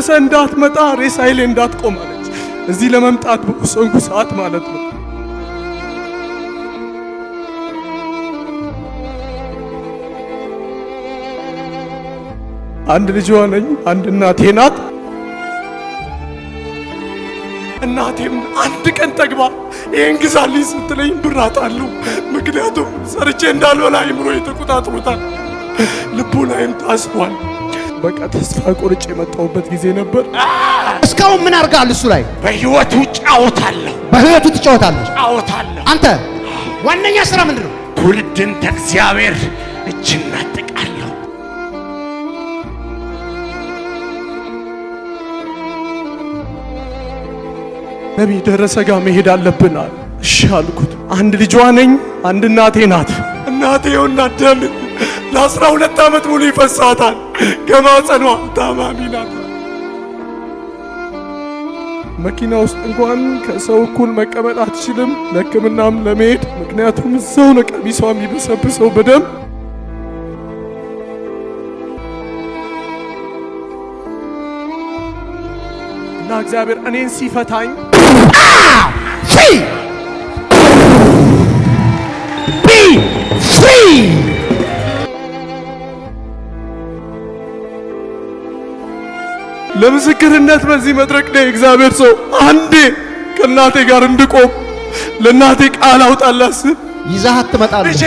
ተመልሰ እንዳትመጣ ሬሳዬ ላይ እንዳትቆም አለች። እዚህ ለመምጣት በወሰንኩ ሰዓት ማለት ነው አንድ ልጅ ሆነኝ። አንድ እናቴ ናት። እናቴም አንድ ቀን ተግባ ይህን ግዛልኝ ስትለኝ ብር አጣለሁ። ምክንያቱም ሰርቼ እንዳልሆነ አይምሮ የተቆጣጥሮታል፣ ልቡ ላይም ታስቧል። በቃ ተስፋ ቆርጬ የመጣሁበት ጊዜ ነበር። እስካሁን ምን አድርጋል? እሱ ላይ በህይወቱ ጫወታለሁ፣ በህይወቱ ትጫወታለሁ፣ ጫወታለሁ። አንተ ዋነኛ ስራ ምንድን ነው? ትውልድን ተእግዚአብሔር እጅ እናጥቃለሁ። ነቢይ ደረሰ ጋር መሄድ አለብናል። እሺ አልኩት። አንድ ልጇ ነኝ፣ አንድ እናቴ ናት። እናቴ የውናደል ለአስራ ሁለት ዓመት ሙሉ ይፈሳታል። ከማፀኗ ታማሚ ናት። መኪና ውስጥ እንኳን ከሰው እኩል መቀመጥ አትችልም፣ ለሕክምናም ለመሄድ ምክንያቱም እዛው ነው ቀሚሷ የሚበሰብሰው በደም እና እግዚአብሔር እኔን ሲፈታኝ ቢ ፍሪ ለምስክርነት በዚህ መድረክ ላይ እግዚአብሔር ሰው አንዴ ከእናቴ ጋር እንድቆም ለእናቴ ቃል አውጣላስ ይዛህ ትመጣለህ። እሺ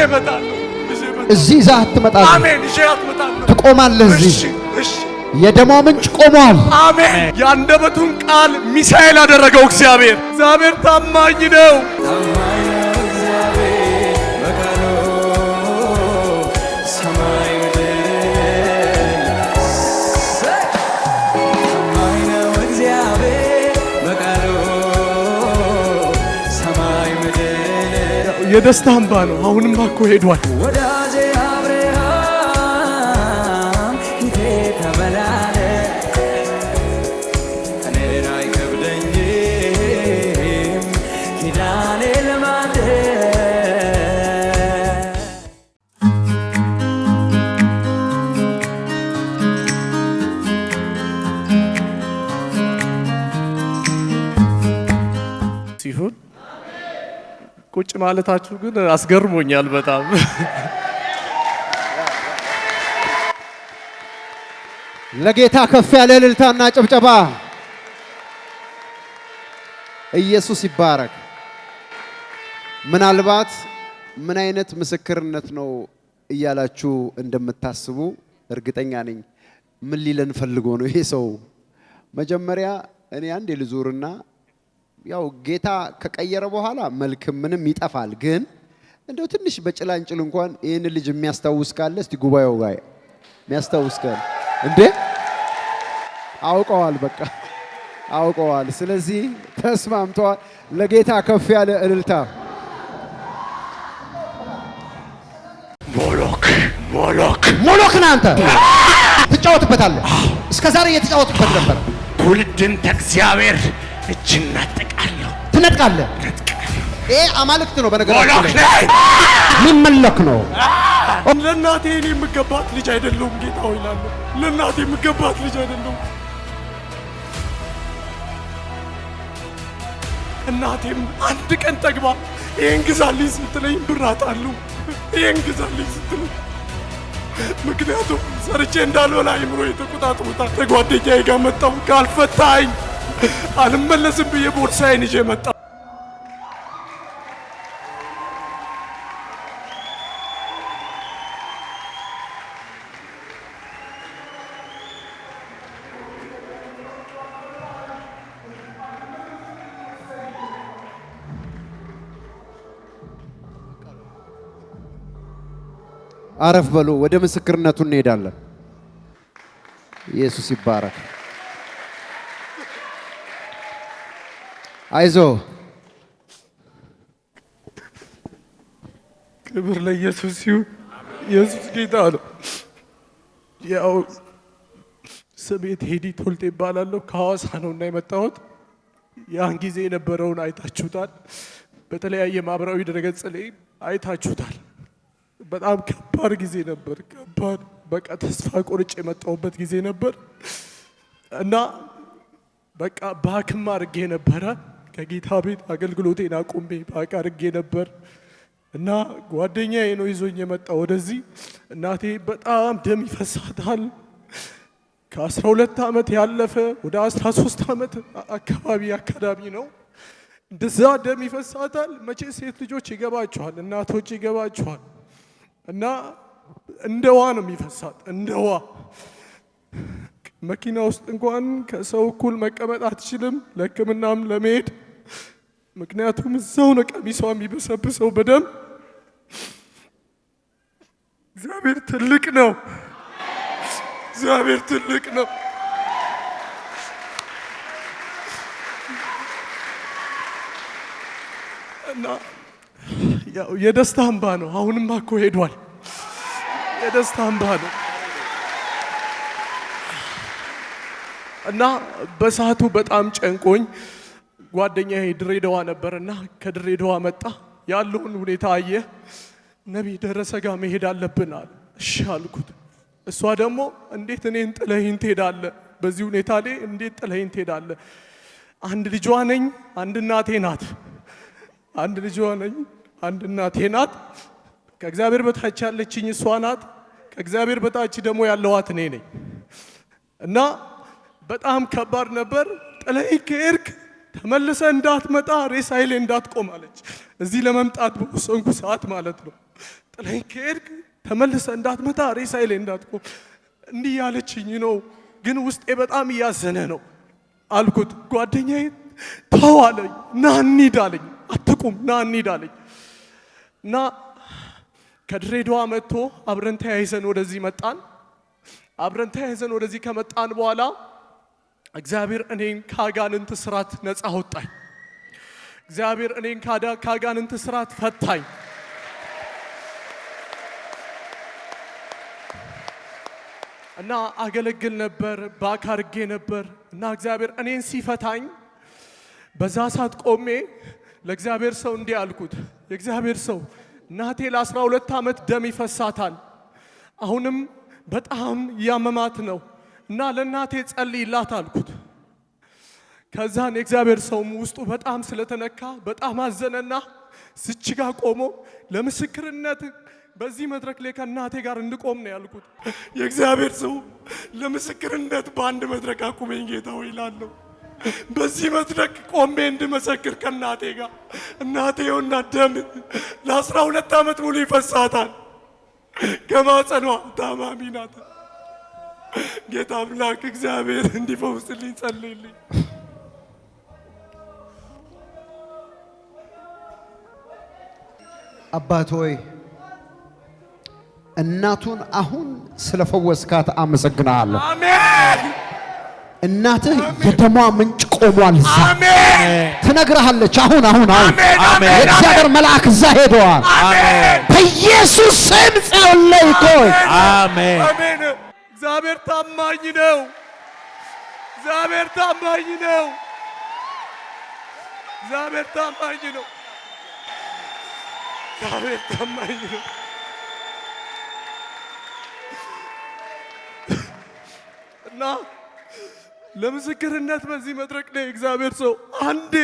እዚህ ይዛህ ትመጣለህ። አሜን። ልጄ አትመጣለህ። ትቆማለህ። እዚህ የደሟ ምንጭ ቆሟል። አሜን። የአንደበቱን ቃል ሚሳኤል አደረገው እግዚአብሔር እግዚአብሔር ታማኝ ነው። የደስታ አምባ ነው። አሁንም እኮ ሄዷል። ማለታችሁ ግን አስገርሞኛል በጣም። ለጌታ ከፍ ያለ እልልታና ጭብጨባ። ኢየሱስ ይባረክ። ምናልባት ምን አይነት ምስክርነት ነው እያላችሁ እንደምታስቡ እርግጠኛ ነኝ። ምን ሊለን ፈልጎ ነው ይሄ ሰው? መጀመሪያ እኔ አንድ የልዙርና ያው ጌታ ከቀየረ በኋላ መልክም ምንም ይጠፋል። ግን እንደው ትንሽ በጭላንጭል እንኳን ይህን ልጅ የሚያስታውስ ካለ እስቲ ጉባኤው ጋር የሚያስታውስ ካለ እንዴ አውቀዋል፣ በቃ አውቀዋል። ስለዚህ ተስማምተዋል። ለጌታ ከፍ ያለ እልልታ ሞሎክ ሞሎክ ሞሎክ አንተ ትጫወትበታለህ። እስከ ዛሬ እየተጫወትበት ነበር። ትውልድን ተእግዚአብሔር እጅ እናጠቃለሁ። ትነጥቃለህ። ይሄ አማልክት ነው። በነገራችን ላይ የሚመለክ ነው። ለእናቴ እኔ የምገባት ልጅ አይደለሁም ጌታ ሆይ እላለሁ። ለእናቴ የምገባት ልጅ አይደለሁም። እናቴም አንድ ቀን ጠግባ ይሄን ግዛልኝ ስትለኝ ብር አጣለሁ። ይሄን ግዛልኝ ስትለኝ ምክንያቱም ሰርቼ እንዳልሆነ አይምሮ የተቆጣጥሮታል። ከጓደኛዬ ጋር መጣሁ ካልፈታኝ አልመለስም ብዬ ቦርሳዬን ይዤ መጣ። አረፍ በሉ። ወደ ምስክርነቱ እንሄዳለን። ኢየሱስ ይባረክ። አይዞ ክብር ለኢየሱስ ይሁን። ኢየሱስ ጌታ ነው። ያው ሄዲ ቶልጤ ይባላለሁ። ከሐዋሳ ነው እና የመጣሁት ያን ጊዜ የነበረውን አይታችሁታል። በተለያየ ማህበራዊ ድረገጽ ላይ አይታችሁታል። በጣም ከባድ ጊዜ ነበር። ከባድ በቃ ተስፋ የመጣሁበት ጊዜ ነበር እና በቃ በሐኪም አድርጌ ነበረ ከጌታ ቤት አገልግሎቴን አቁሜ በቃ አድርጌ ነበር እና ጓደኛዬ ነው ይዞኝ የመጣ ወደዚህ። እናቴ በጣም ደም ይፈሳታል። ከአስራ ሁለት ዓመት ያለፈ ወደ አስራ ሶስት ዓመት አካባቢ አካዳሚ ነው እንደዛ ደም ይፈሳታል። መቼ ሴት ልጆች ይገባችኋል፣ እናቶች ይገባችኋል። እና እንደዋ ነው የሚፈሳት እንደዋ መኪና ውስጥ እንኳን ከሰው እኩል መቀመጥ አትችልም። ለሕክምናም ለመሄድ ምክንያቱም እዛው ነው ቀሚሷ የሚበሰብሰው በደም። እግዚአብሔር ትልቅ ነው። እግዚአብሔር ትልቅ ነው። እና ያው የደስታ አምባ ነው። አሁንም አኮ ሄዷል። የደስታ አምባ ነው እና በሰዓቱ በጣም ጨንቆኝ ጓደኛ ድሬዳዋ ነበርና ከድሬዳዋ መጣ። ያለውን ሁኔታ አየ። ነቢ ደረሰ ጋር መሄድ አለብን አለ። እሺ አልኩት። እሷ ደግሞ እንዴት እኔን ጥለህኝ ትሄዳለህ? በዚህ ሁኔታ ላይ እንዴት ጥለህኝ ትሄዳለህ? አንድ ልጇ ነኝ፣ አንድ እናቴ ናት። አንድ ልጇ ነኝ፣ አንድ እናቴ ናት። ከእግዚአብሔር በታች ያለችኝ እሷ ናት። ከእግዚአብሔር በታች ደግሞ ያለዋት እኔ ነኝ እና በጣም ከባድ ነበር። ጥለህ ከሄድክ ተመልሰ እንዳትመጣ ሬሳዬ ላይ እንዳትቆም አለች። እዚህ ለመምጣት በወሰንኩ ሰዓት ማለት ነው ጥለኝ ከሄድክ ተመልሰ እንዳትመጣ ሬሳዬ ላይ እንዳትቆም እንዲህ ያለችኝ ነው። ግን ውስጤ በጣም እያዘነ ነው አልኩት። ጓደኛዬ ተው አለኝ፣ ና እንሂድ አለኝ። አትቁም፣ ና እንሂድ አለኝ እና ከድሬዳዋ መጥቶ አብረን ተያይዘን ወደዚህ መጣን። አብረን ተያይዘን ወደዚህ ከመጣን በኋላ እግዚአብሔር እኔን ካጋንንት ስራት ነፃ አወጣኝ። እግዚአብሔር እኔን ካጋንንት ስራት ፈታኝ። እና አገለግል ነበር፣ ባካርጌ ነበር። እና እግዚአብሔር እኔን ሲፈታኝ በዛ ሰዓት ቆሜ ለእግዚአብሔር ሰው እንዲህ አልኩት፣ የእግዚአብሔር ሰው እናቴ ለ12 ዓመት ደም ይፈሳታል፣ አሁንም በጣም ያመማት ነው እና ለእናቴ ጸልይላት አልኩት። ከዛን የእግዚአብሔር ሰውም ውስጡ በጣም ስለተነካ በጣም አዘነና ስችጋ ቆሞ ለምስክርነት በዚህ መድረክ ላይ ከእናቴ ጋር እንድቆም ነው ያልኩት። የእግዚአብሔር ሰው ለምስክርነት በአንድ መድረክ አቁመኝ ጌታ ሆይ እላለሁ። በዚህ መድረክ ቆሜ እንድመሰክር ከእናቴ ጋር እናቴ የውና ደም ለአስራ ሁለት ዓመት ሙሉ ይፈሳታል። ከማጸኗ ታማሚ ናት። ጌታ አምላክ እግዚአብሔር እንዲፈውስልኝ ጸልይልኝ። አባት ሆይ እናቱን አሁን ስለፈወስካት አመሰግናለሁ። እናትህ የደሟ ምንጭ ቆሟል። እዛ ትነግርሃለች። አሁን አሁን አሁን የእግዚአብሔር መልአክ እዛ ሄደዋል። በኢየሱስ ስም ጸለይኩ። አሜን እግዚአብሔር ታማኝ ነው። እግዚአብሔር ታማኝ ነው። እግዚአብሔር ታማኝ ነው። እግዚአብሔር ታማኝ ነው። እና ለምስክርነት በዚህ መድረክ ላይ እግዚአብሔር ሰው አንዴ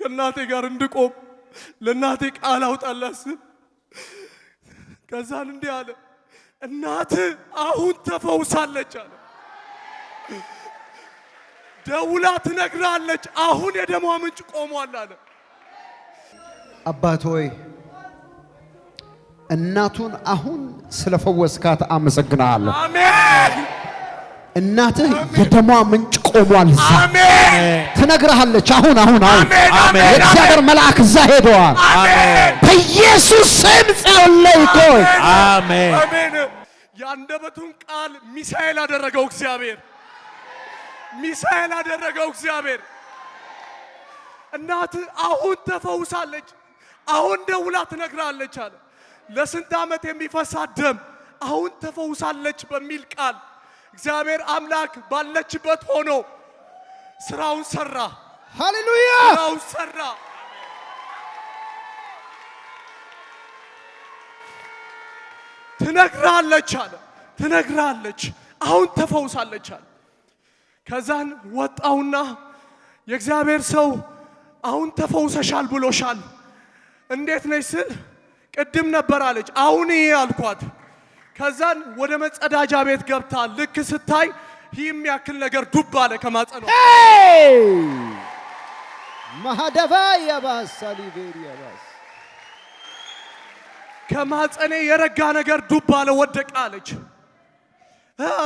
ከእናቴ ጋር እንድቆም ለእናቴ ቃል አውጣላት ከዛን እንዲህ አለ እናት አሁን ተፈውሳለች አለ። ደውላ ትነግራለች፣ አሁን የደሟ ምንጭ ቆሟል አለ። አባት ሆይ እናቱን አሁን ስለፈወስካት አመሰግናለሁ። አሜን። እናትህ የደሟ ምንጭ ቆሟል። እዛ ትነግርሃለች። አሁን አሁን አሁን የእግዚአብሔር መልአክ እዛ ሄደዋል። በኢየሱስ ስም ጸለይኩ። አሜን። የአንደበቱን ቃል ሚሳኤል አደረገው እግዚአብሔር፣ ሚሳኤል አደረገው እግዚአብሔር። እናት አሁን ተፈውሳለች። አሁን ደውላ ትነግራለች አለ። ለስንት ዓመት የሚፈሳ ደም አሁን ተፈውሳለች በሚል ቃል እግዚአብሔር አምላክ ባለችበት ሆኖ ስራውን ሰራ። ሃሌሉያ! ስራውን ሰራ። ትነግራለች አለ ትነግራለች። አሁን ተፈውሳለች አለ። ከዛን ወጣውና የእግዚአብሔር ሰው አሁን ተፈውሰሻል ብሎሻል። እንዴት ነች ስል ቅድም ነበር አለች። አሁን ይሄ አልኳት። ከዛን ወደ መጸዳጃ ቤት ገብታ ልክ ስታይ ይህም ያክል ነገር ዱብ አለ ከማጸኗ ማደፋ ያባሳሊቤሪያባስ ከማጸኔ የረጋ ነገር ዱብ አለ ወደቀ አለች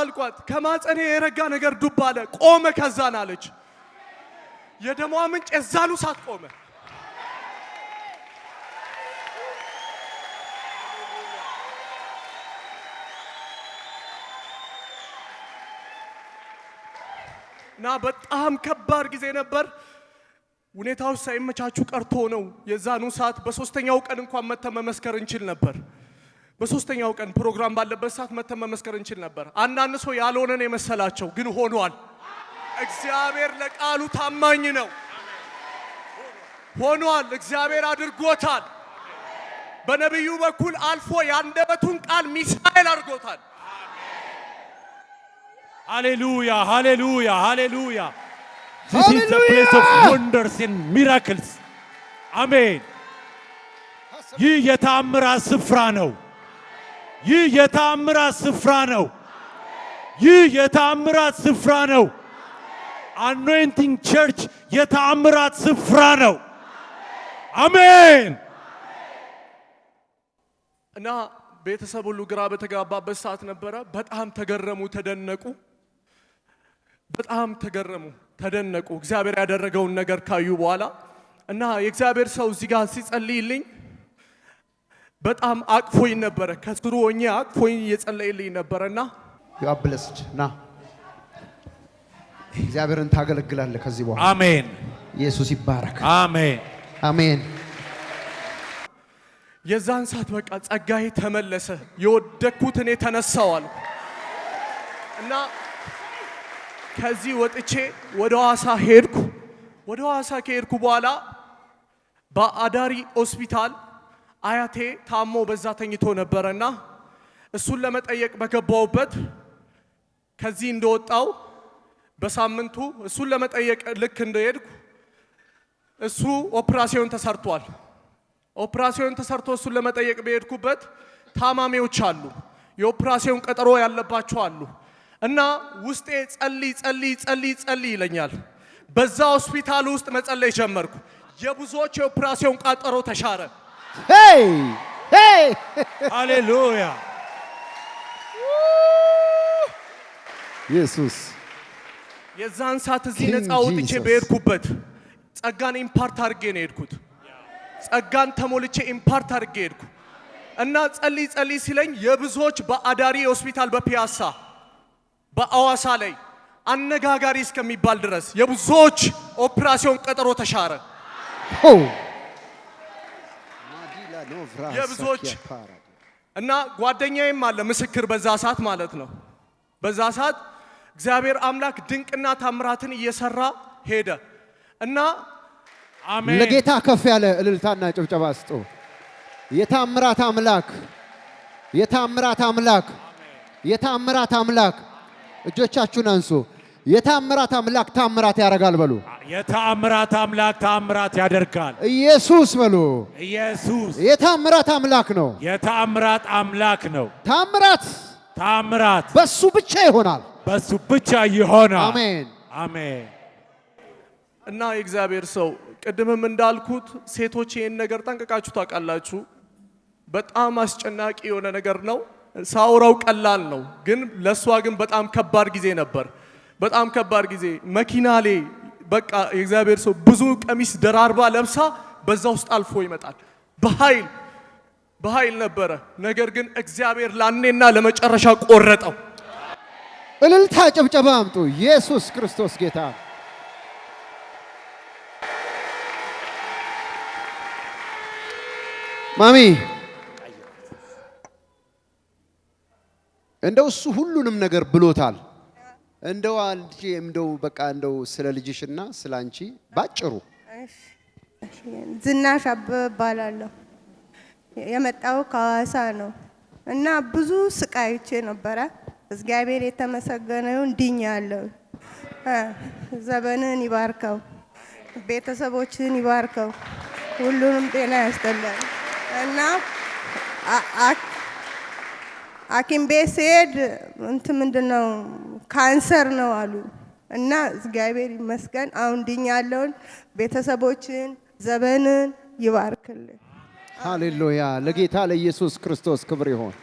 አልቋት። ከማጸኔ የረጋ ነገር ዱብ አለ ቆመ። ከዛን አለች የደሟ ምንጭ ቆመ። እና በጣም ከባድ ጊዜ ነበር። ሁኔታዎች ሳይመቻቹ ቀርቶ ነው የዛኑ ሰዓት በሶስተኛው ቀን እንኳን መተን መመስከር እንችል ነበር። በሶስተኛው ቀን ፕሮግራም ባለበት ሰዓት መተን መመስከር እንችል ነበር። አንዳንድ ሰው ያልሆነን የመሰላቸው ግን ሆኗል። እግዚአብሔር ለቃሉ ታማኝ ነው። ሆኗል። እግዚአብሔር አድርጎታል። በነቢዩ በኩል አልፎ የአንደበቱን ቃል ሚሳኤል አድርጎታል። ሃሌሉያ ሃሌሉያ ሃሌሉያ ዚስ ኢዝ ዘ ፕሌስ ኦፍ ወንደርስ ኤንድ ሚራክልስ አሜን። ይህ የታምራ ስፍራ ነው። ይህ የታምራ ስፍራ ነው። ይህ የተአምራት ስፍራ ነው። አኖይንቲንግ ቸርች የታምራት ስፍራ ነው። አሜን። እና ቤተሰብ ሁሉ ግራ በተጋባበት ሰዓት ነበረ። በጣም ተገረሙ፣ ተደነቁ። በጣም ተገረሙ፣ ተደነቁ እግዚአብሔር ያደረገውን ነገር ካዩ በኋላ እና የእግዚአብሔር ሰው እዚህ ጋር ሲጸልይልኝ በጣም አቅፎኝ ነበረ። ከስሩ ሆኜ አቅፎኝ እየጸለይልኝ ነበረ እና ና እግዚአብሔርን ታገለግላለህ ከዚህ በኋላ አሜን። ኢየሱስ ይባረክ። አሜን አሜን። የዛን ሰዓት በቃ ጸጋዬ ተመለሰ። የወደኩት እኔ አልኩ እና ከዚህ ወጥቼ ወደ ሐዋሳ ሄድኩ። ወደ ሐዋሳ ከሄድኩ በኋላ በአዳሪ ሆስፒታል አያቴ ታሞ በዛ ተኝቶ ነበረና እሱን ለመጠየቅ በገባውበት ከዚህ እንደወጣው በሳምንቱ እሱን ለመጠየቅ ልክ እንደሄድኩ እሱ ኦፕራሲዮን ተሰርቷል። ኦፕራሲዮን ተሰርቶ እሱን ለመጠየቅ በሄድኩበት ታማሚዎች አሉ፣ የኦፕራሲዮን ቀጠሮ ያለባቸው አሉ። እና ውስጤ ጸልይ ጸልይ ጸልይ ጸልይ ይለኛል። በዛ ሆስፒታል ውስጥ መጸለይ ጀመርኩ። የብዙዎች የኦፕራሲዮን ቃጠሮ ተሻረ። ሃሌሉያ ኢየሱስ። የዛን ሰዓት እዚህ ነፃ ወጥቼ በሄድኩበት ጸጋን ኢምፓርት አድርጌ ነው የሄድኩት። ጸጋን ተሞልቼ ኢምፓርት አድርጌ ሄድኩ እና ጸልይ ጸልይ ሲለኝ የብዙዎች በአዳሪ ሆስፒታል በፒያሳ በአዋሳ ላይ አነጋጋሪ እስከሚባል ድረስ የብዙዎች ኦፕራሲዮን ቀጠሮ ተሻረ። የብዙዎች እና ጓደኛዬም አለ ምስክር በዛ ሰዓት ማለት ነው። በዛ ሰዓት እግዚአብሔር አምላክ ድንቅና ታምራትን እየሰራ ሄደ እና ለጌታ ከፍ ያለ እልልታና ጭብጨባ ስጡ። የታምራት አምላክ የታምራት አምላክ የታምራት አምላክ እጆቻችሁን አንሱ። የታምራት አምላክ ታምራት ያደርጋል በሉ። የታምራት አምላክ ታምራት ያደርጋል። ኢየሱስ በሉ። ኢየሱስ የታምራት አምላክ ነው። የታምራት አምላክ ነው። ታምራት ታምራት በሱ ብቻ ይሆናል። በሱ ብቻ ይሆናል። አሜን አሜን። እና የእግዚአብሔር ሰው ቅድምም እንዳልኩት ሴቶች ይህን ነገር ጠንቅቃችሁ ታውቃላችሁ። በጣም አስጨናቂ የሆነ ነገር ነው። ሳውራው ቀላል ነው፣ ግን ለእሷ ግን በጣም ከባድ ጊዜ ነበር። በጣም ከባድ ጊዜ መኪና ላይ በቃ የእግዚአብሔር ሰው ብዙ ቀሚስ ደራርባ ለብሳ በዛ ውስጥ አልፎ ይመጣል። በኃይል በኃይል ነበረ። ነገር ግን እግዚአብሔር ላኔና ለመጨረሻ ቆረጠው። እልልታ ጭብጨባ አምጡ። ኢየሱስ ክርስቶስ ጌታ። ማሚ እንደው እሱ ሁሉንም ነገር ብሎታል። እንደው አንቺ እንደው በቃ እንደው ስለ ልጅሽና ስለ አንቺ ባጭሩ። ዝናሽ አበበ እባላለሁ። የመጣው ከሐዋሳ ነው እና ብዙ ስቃይቼ ነበረ። እግዚአብሔር የተመሰገነው ይሁን ድኛለሁ። ዘመንን ይባርከው፣ ቤተሰቦችን ይባርከው፣ ሁሉንም ጤና ያስጠላል እና ሐኪም ቤት ስሄድ እንትን ምንድን ነው ካንሰር ነው አሉ እና እግዚአብሔር ይመስገን አሁን ድኛ ያለውን ቤተሰቦችን ዘመንን ይባርክልን። ሃሌሉያ! ለጌታ ለኢየሱስ ክርስቶስ ክብር ይሆን።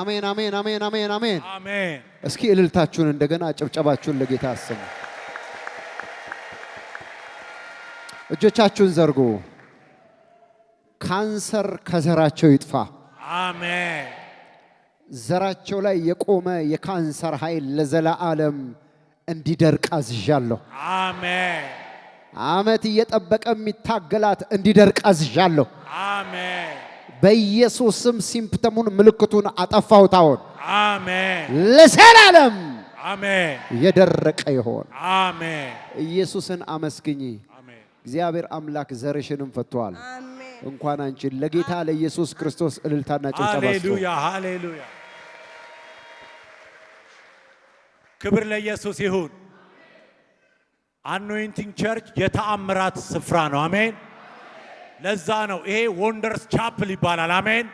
አሜን፣ አሜን፣ አሜን፣ አሜን፣ አሜን፣ አሜን። እስኪ እልልታችሁን እንደገና ጭብጨባችሁን ለጌታ አስሙ። እጆቻችሁን ዘርጉ። ካንሰር ከዘራቸው ይጥፋ። አሜን። ዘራቸው ላይ የቆመ የካንሰር ኃይል ለዘላለም እንዲደርቅ አዝዣለሁ። አሜን። ዓመት እየጠበቀ የሚታገላት እንዲደርቅ አዝዣለሁ። አሜን። በኢየሱስም ሲምፕተሙን ምልክቱን አጠፋሁት። አሁን አሜን። ለዘላለም አሜን። የደረቀ ይሆን። አሜን። ኢየሱስን አመስግኚ። እግዚአብሔር አምላክ ዘርሽንም ፈቷል። እንኳን አንቺን ለጌታ ለኢየሱስ ክርስቶስ እልልታና ጭብጨባ አሌሉያ፣ አሌሉያ። ክብር ለኢየሱስ ይሁን። አኖይንቲንግ ቸርች የተአምራት ስፍራ ነው። አሜን። ለዛ ነው ይሄ ወንደርስ ቻፕል ይባላል። አሜን።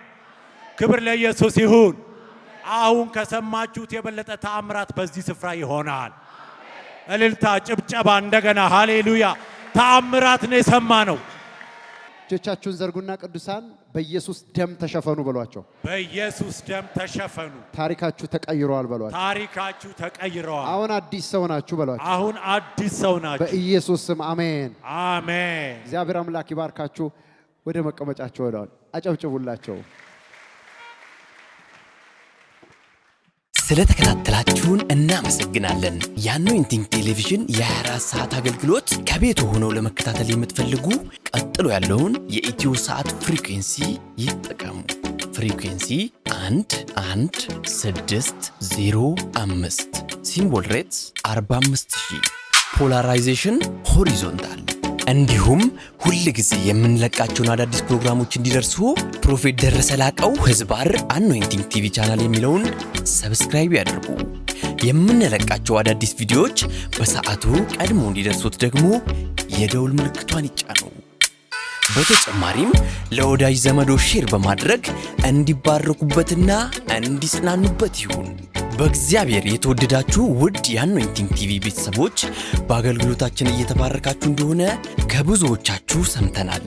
ክብር ለኢየሱስ ይሁን። አሁን ከሰማችሁት የበለጠ ተአምራት በዚህ ስፍራ ይሆናል። እልልታ፣ ጭብጨባ፣ እንደገና ሃሌሉያ። ተአምራት ነው የሰማ ነው። እጆቻችሁን ዘርጉና ቅዱሳን በኢየሱስ ደም ተሸፈኑ በሏቸው። በኢየሱስ ደም ተሸፈኑ። ታሪካችሁ ተቀይረዋል በሏቸው። ታሪካችሁ ተቀይረዋል። አሁን አዲስ ሰው ናችሁ በሏቸው። አሁን አዲስ ሰው ናችሁ። በኢየሱስ ስም አሜን፣ አሜን። እግዚአብሔር አምላክ ይባርካችሁ። ወደ መቀመጫቸው ሄደዋል። አጨብጭቡላቸው። ስለተከታተላችሁን እናመሰግናለን። የአኖይንቲንግ ቴሌቪዥን የ24 ሰዓት አገልግሎት ከቤቱ ሆነው ለመከታተል የምትፈልጉ ቀጥሎ ያለውን የኢትዮ ሰዓት ፍሪኩንሲ ይጠቀሙ። ፍሪኩንሲ 11605 ሲምቦል ሬትስ 45000 ፖላራይዜሽን ሆሪዞንታል እንዲሁም ሁል ጊዜ የምንለቃቸውን አዳዲስ ፕሮግራሞች እንዲደርሱ ፕሮፌት ደረሰ ላቀው ህዝባር አኖይንቲንግ ቲቪ ቻናል የሚለውን ሰብስክራይብ ያድርጉ። የምንለቃቸው አዳዲስ ቪዲዮዎች በሰዓቱ ቀድሞ እንዲደርሱት ደግሞ የደውል ምልክቷን ይጫኑ። በተጨማሪም ለወዳጅ ዘመዶ ሼር በማድረግ እንዲባረኩበትና እንዲጽናኑበት ይሁን። በእግዚአብሔር የተወደዳችሁ ውድ የአኖይንቲንግ ቲቪ ቤተሰቦች በአገልግሎታችን እየተባረካችሁ እንደሆነ ከብዙዎቻችሁ ሰምተናል።